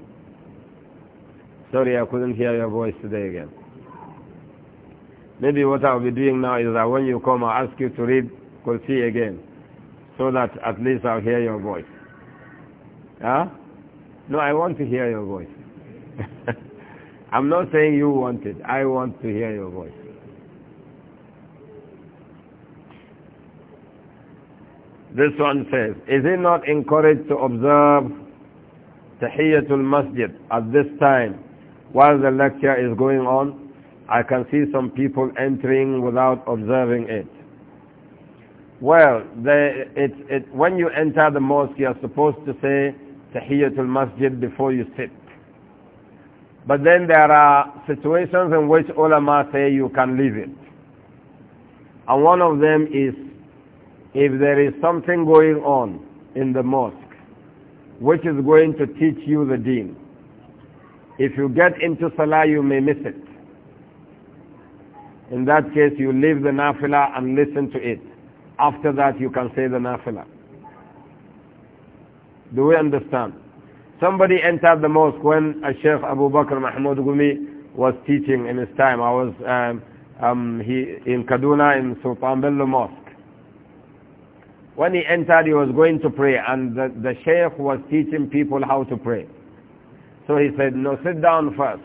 Sorry, I couldn't hear your voice today again. Maybe what I'll be doing now is that when you come, I'll ask you to read Kursi again so that at least I'll hear your voice. Huh? No, I want to hear your voice. I'm not saying you want it. I want to hear your voice. This one says, is it not encouraged to observe Tahiyatul Masjid at this time while the lecture is going on? I can see some people entering without observing it. Well, the, it, it, when you enter the mosque, you are supposed to say Tahiyatul Masjid before you sit. But then there are situations in which ulama say you can leave it. And one of them is if there is something going on in the mosque which is going to teach you the deen. If you get into salah, you may miss it. In that case, you leave the nafila and listen to it. After that, you can say the nafilah. Do we understand? Somebody entered the mosque when Sheikh Abu Bakr Mahmoud Gumi was teaching in his time. I was um, um, he, in Kaduna in Sultan Bello Mosque. When he entered, he was going to pray, and the, the Sheikh was teaching people how to pray. So he said, no, sit down first.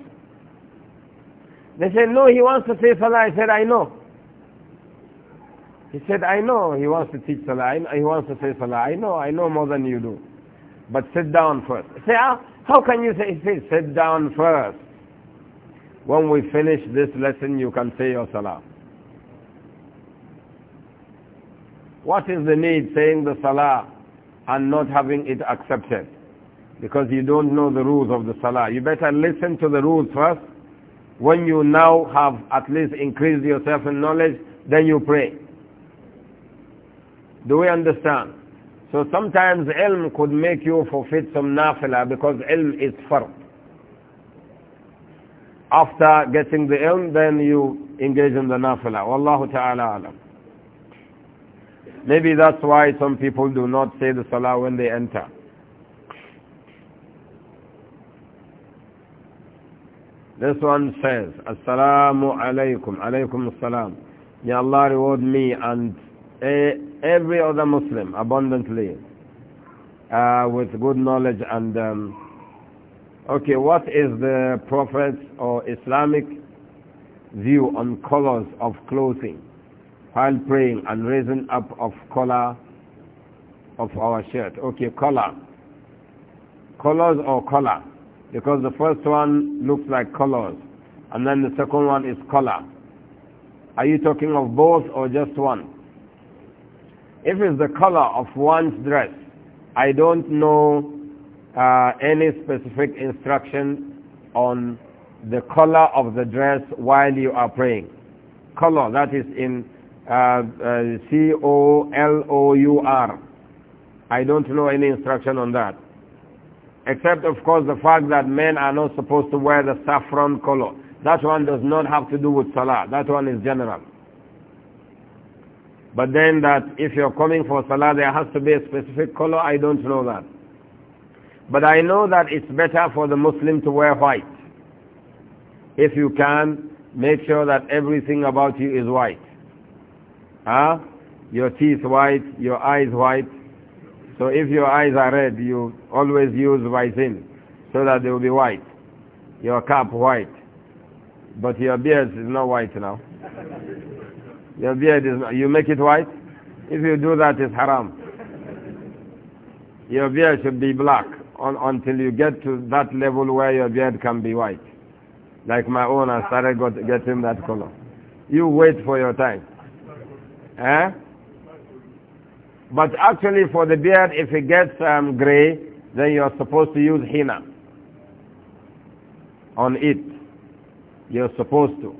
They said, no, he wants to say Salah. I said, I know. He said, I know he wants to teach Salah, he wants to say Salah, I know, I know more than you do. But sit down first. say, ah, how can you say, he said, sit down first. When we finish this lesson, you can say your Salah. What is the need saying the Salah and not having it accepted? Because you don't know the rules of the Salah. You better listen to the rules first. When you now have at least increased yourself in knowledge, then you pray. Do we understand? So sometimes ilm could make you forfeit some nafila because ilm is fard. After getting the ilm, then you engage in the nafila. Wallahu ta'ala alam. Maybe that's why some people do not say the salah when they enter. This one says, Assalamu alaykum, alaykum assalam. May Allah reward me and Eh, every other Muslim abundantly uh, with good knowledge and um, okay what is the prophet's or Islamic view on colors of clothing while praying and raising up of collar of our shirt okay collar colors or collar because the first one looks like colors and then the second one is collar are you talking of both or just one if it's the color of one's dress, I don't know uh, any specific instruction on the color of the dress while you are praying. Color, that is in uh, uh, C-O-L-O-U-R. I don't know any instruction on that. Except, of course, the fact that men are not supposed to wear the saffron color. That one does not have to do with salah. That one is general. But then that if you're coming for salah, there has to be a specific color, I don't know that. But I know that it's better for the Muslim to wear white. If you can, make sure that everything about you is white. Huh? Your teeth white, your eyes white. So if your eyes are red, you always use vizin so that they will be white. Your cap white. But your beard is not white now. Your beard is not, you make it white? If you do that, it's haram. Your beard should be black on, until you get to that level where your beard can be white. Like my own, I started got, getting that color. You wait for your time. Eh? But actually for the beard, if it gets um, gray, then you're supposed to use henna on it. You're supposed to.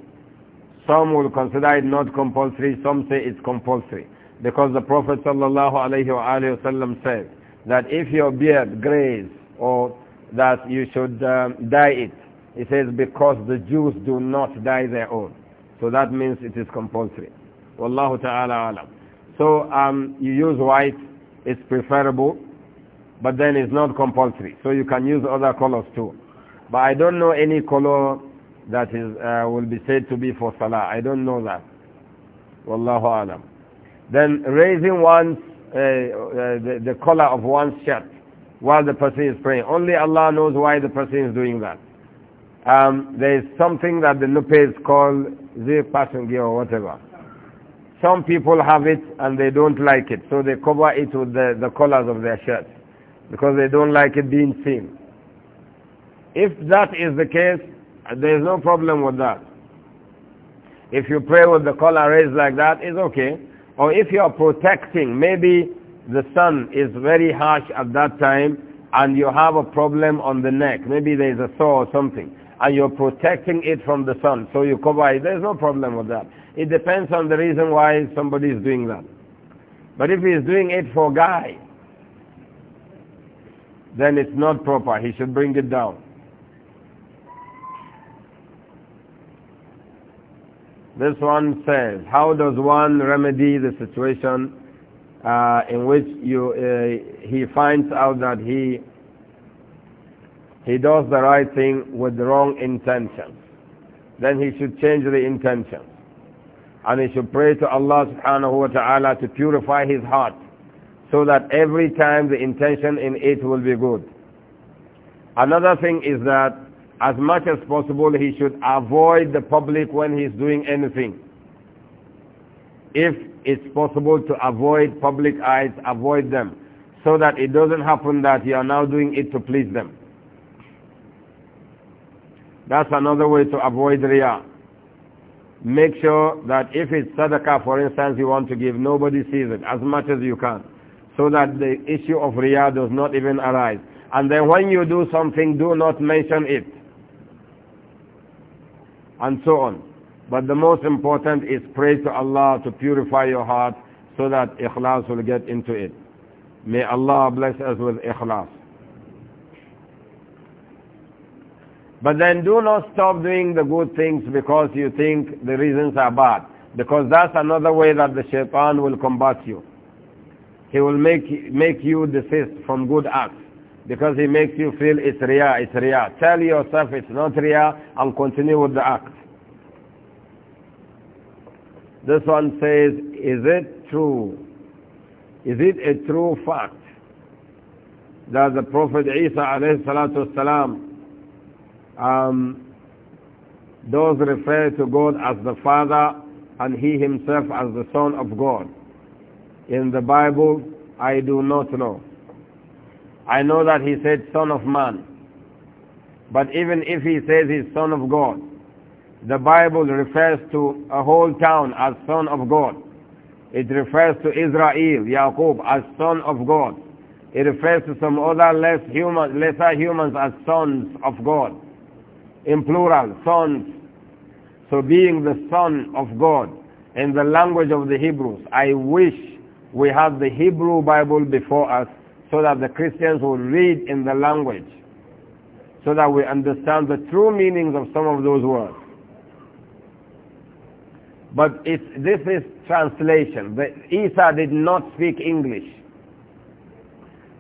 Some will consider it not compulsory, some say it's compulsory. Because the Prophet ﷺ said that if your beard grays or that you should um, dye it, he says because the Jews do not dye their own. So that means it is compulsory. Wallahu ta'ala alam. So um, you use white, it's preferable, but then it's not compulsory. So you can use other colors too. But I don't know any color that is uh, will be said to be for salah. I don't know that. Wallahu alam. Then raising one's uh, uh, the, the collar of one's shirt while the person is praying. Only Allah knows why the person is doing that. Um, there is something that the Nupes call zirpasungi or whatever. Some people have it and they don't like it, so they cover it with the, the collars of their shirts because they don't like it being seen. If that is the case, there is no problem with that. If you pray with the collar raised like that, it's okay. Or if you are protecting, maybe the sun is very harsh at that time and you have a problem on the neck. Maybe there is a sore or something. And you're protecting it from the sun. So you cover it. There's no problem with that. It depends on the reason why somebody is doing that. But if he is doing it for guy, then it's not proper. He should bring it down. This one says, how does one remedy the situation uh, in which you, uh, he finds out that he, he does the right thing with the wrong intention. Then he should change the intention, And he should pray to Allah subhanahu wa ta'ala to purify his heart so that every time the intention in it will be good. Another thing is that as much as possible he should avoid the public when he's doing anything. If it's possible to avoid public eyes, avoid them so that it doesn't happen that you are now doing it to please them. That's another way to avoid riyah. Make sure that if it's sadaqah, for instance, you want to give, nobody sees it as much as you can so that the issue of riyah does not even arise. And then when you do something, do not mention it and so on. But the most important is pray to Allah to purify your heart so that ikhlas will get into it. May Allah bless us with ikhlas. But then do not stop doing the good things because you think the reasons are bad. Because that's another way that the shaitan will combat you. He will make, make you desist from good acts because he makes you feel it's riyah, it's riyah. Tell yourself it's not riyah and continue with the act. This one says, is it true? Is it a true fact that the Prophet Isa alayhi salatu salam, um, those refer to God as the Father and he himself as the Son of God? In the Bible, I do not know. I know that he said son of man. But even if he says he's son of God, the Bible refers to a whole town as son of God. It refers to Israel, Jacob, as son of God. It refers to some other less human, lesser humans as sons of God. In plural, sons. So being the son of God in the language of the Hebrews, I wish we had the Hebrew Bible before us so that the Christians will read in the language so that we understand the true meanings of some of those words. But it's, this is translation. The, Isa did not speak English.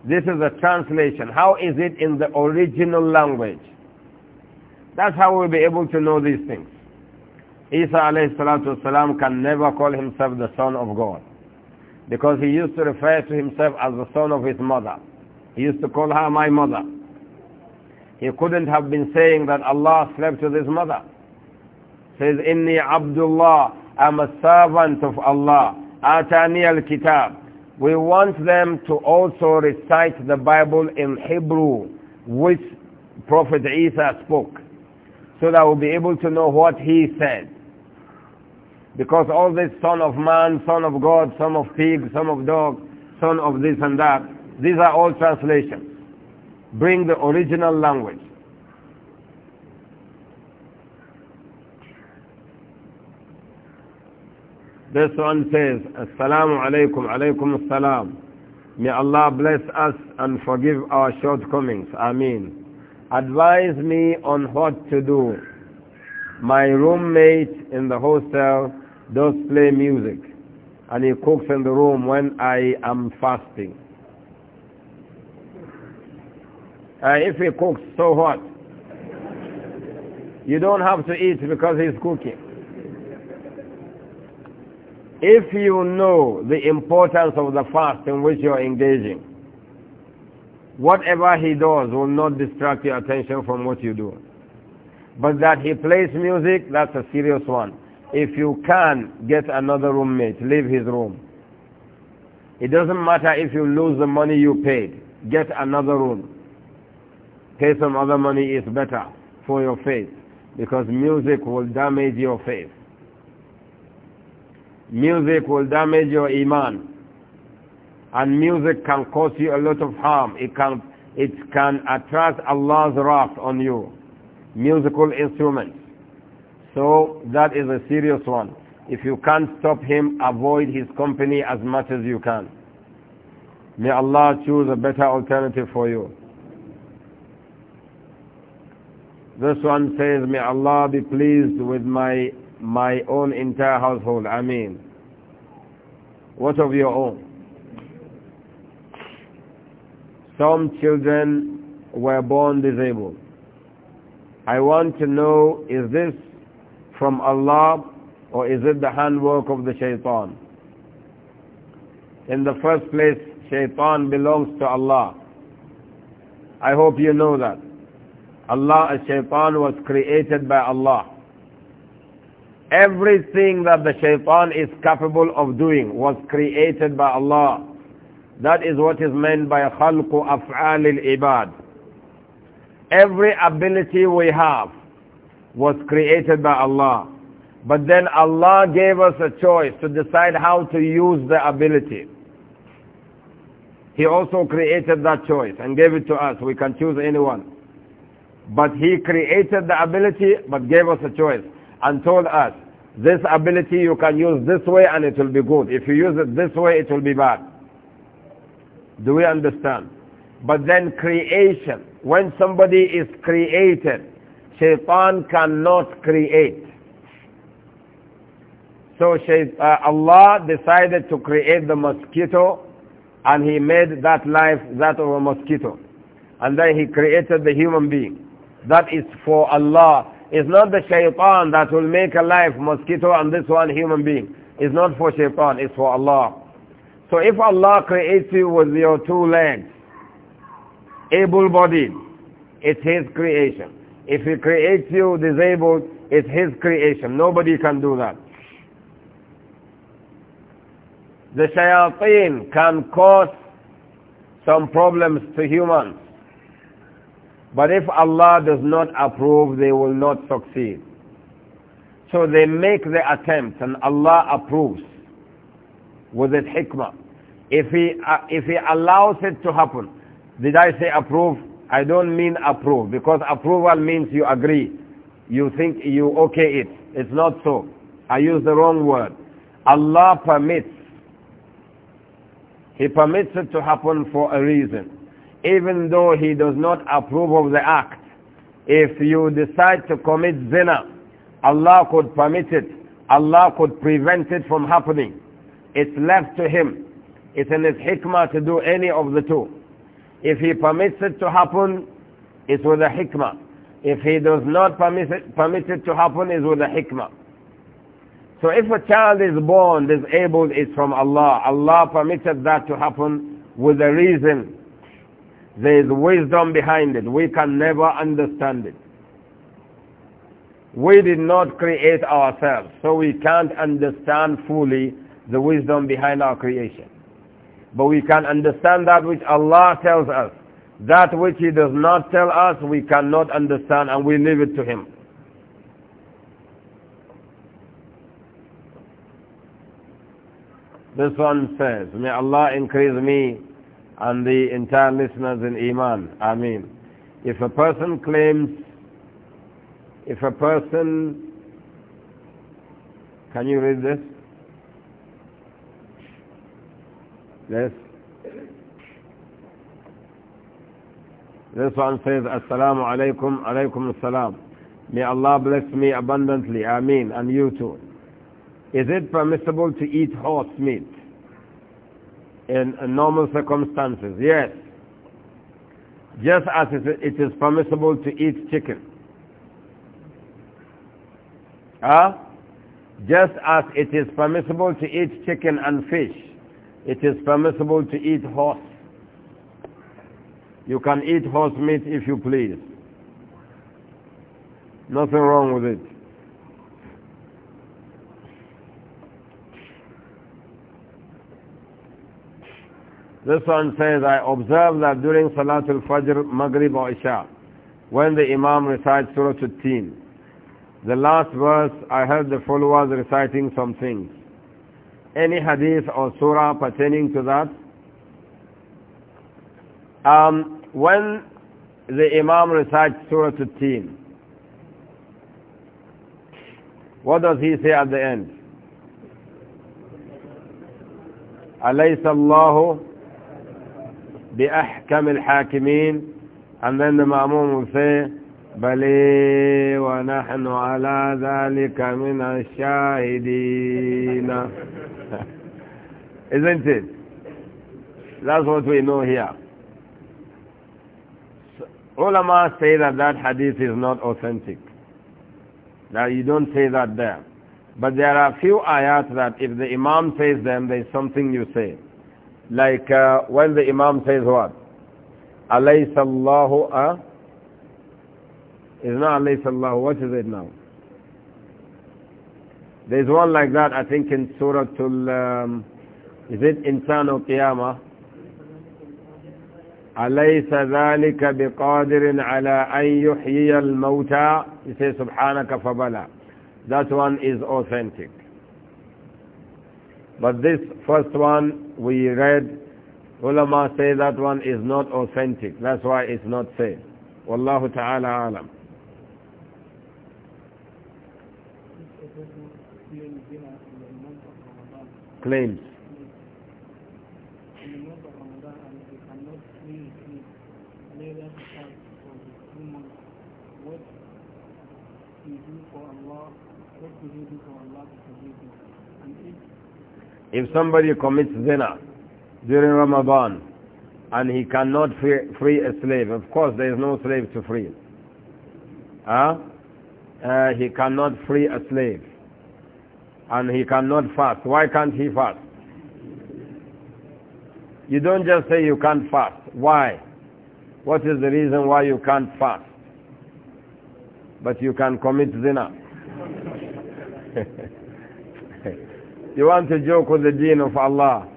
This is a translation. How is it in the original language? That's how we'll be able to know these things. Isa alayhi can never call himself the son of God because he used to refer to himself as the son of his mother. He used to call her my mother. He couldn't have been saying that Allah slept with his mother. Says, Inni Abdullah, I'm a servant of Allah. Atani al-Kitab. We want them to also recite the Bible in Hebrew, which Prophet Isa spoke, so that we'll be able to know what he said. Because all this son of man, son of God, son of pig, son of dog, son of this and that, these are all translations. Bring the original language. This one says, Assalamu alaikum, alaikum assalam. May Allah bless us and forgive our shortcomings. Ameen. Advise me on what to do. My roommate in the hostel does play music and he cooks in the room when I am fasting. Uh, if he cooks, so what? You don't have to eat because he's cooking. If you know the importance of the fast in which you're engaging, whatever he does will not distract your attention from what you do. But that he plays music, that's a serious one. If you can get another roommate, leave his room. It doesn't matter if you lose the money you paid. Get another room. Pay some other money is better for your faith because music will damage your faith. Music will damage your iman. And music can cause you a lot of harm. It can, it can attract Allah's wrath on you. Musical instruments. So that is a serious one. If you can't stop him, avoid his company as much as you can. May Allah choose a better alternative for you. This one says, May Allah be pleased with my, my own entire household. I mean, what of your own? Some children were born disabled. I want to know, is this from Allah or is it the handwork of the shaitan? In the first place, shaitan belongs to Allah. I hope you know that. Allah a shaitan was created by Allah. Everything that the shaitan is capable of doing was created by Allah. That is what is meant by khalqu af'al al-ibad. Every ability we have was created by Allah. But then Allah gave us a choice to decide how to use the ability. He also created that choice and gave it to us. We can choose anyone. But He created the ability but gave us a choice and told us, this ability you can use this way and it will be good. If you use it this way, it will be bad. Do we understand? But then creation, when somebody is created, Shaitan cannot create. So uh, Allah decided to create the mosquito and he made that life that of a mosquito. And then he created the human being. That is for Allah. It's not the shaitan that will make a life mosquito and this one human being. It's not for shaitan, it's for Allah. So if Allah creates you with your two legs, able-bodied, it's His creation. If he creates you disabled, it's his creation. Nobody can do that. The shayateen can cause some problems to humans. But if Allah does not approve, they will not succeed. So they make the attempt and Allah approves with his hikmah. If he, uh, if he allows it to happen, did I say approve? I don't mean approve because approval means you agree. You think you okay it. It's not so. I use the wrong word. Allah permits. He permits it to happen for a reason. Even though He does not approve of the act. If you decide to commit zina, Allah could permit it. Allah could prevent it from happening. It's left to Him. It's in His hikmah to do any of the two. If he permits it to happen, it's with a hikmah. If he does not permit it, permit it to happen, it's with a hikmah. So if a child is born disabled, it's from Allah. Allah permitted that to happen with a reason. There is wisdom behind it. We can never understand it. We did not create ourselves, so we can't understand fully the wisdom behind our creation. But we can understand that which Allah tells us. That which He does not tell us, we cannot understand and we leave it to Him. This one says, May Allah increase me and the entire listeners in Iman. Ameen. If a person claims, if a person, can you read this? Yes. This one says, Assalamu alaikum, alaikum assalam. May Allah bless me abundantly. Ameen. And you too. Is it permissible to eat horse meat in normal circumstances? Yes. Just as it is permissible to eat chicken. Huh? Just as it is permissible to eat chicken and fish it is permissible to eat horse. You can eat horse meat if you please. Nothing wrong with it. This one says, I observe that during Salatul Fajr, Maghrib or Isha, when the Imam recites Surah al the last verse, I heard the followers reciting some things. Any hadith or surah pertaining to that? Um, when the Imam recites Surah Al-Teen, what does he say at the end? أليس الله بأحكم الحاكمين and then the Ma'mun will say بل ونحن على ذلك من الشاهدين isn't it that's what we know here ulama say that that hadith is not authentic now you don't say that there but there are few ayat that if the imam says them there is something you say like uh, when the imam says what alaysa allahu a it's not alayhi sallahu. What is it now? There's one like that, I think, in Surah Al. Um, is it Insan or Qiyamah? أليس ذلك بقادر على أن يحيي الموتى He says سبحانك فبلى That one is authentic. But this first one we read, ulama say that one is not authentic. That's why it's not said. Wallahu ta'ala alam. claims. If somebody commits zina during Ramadan and he cannot free, free a slave, of course there is no slave to free. Huh? Uh, he cannot free a slave and he cannot fast. Why can't he fast? You don't just say you can't fast. Why? What is the reason why you can't fast? But you can commit zina. you want to joke with the deen of Allah.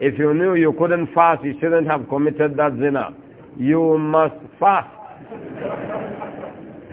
If you knew you couldn't fast, you shouldn't have committed that zina. You must fast.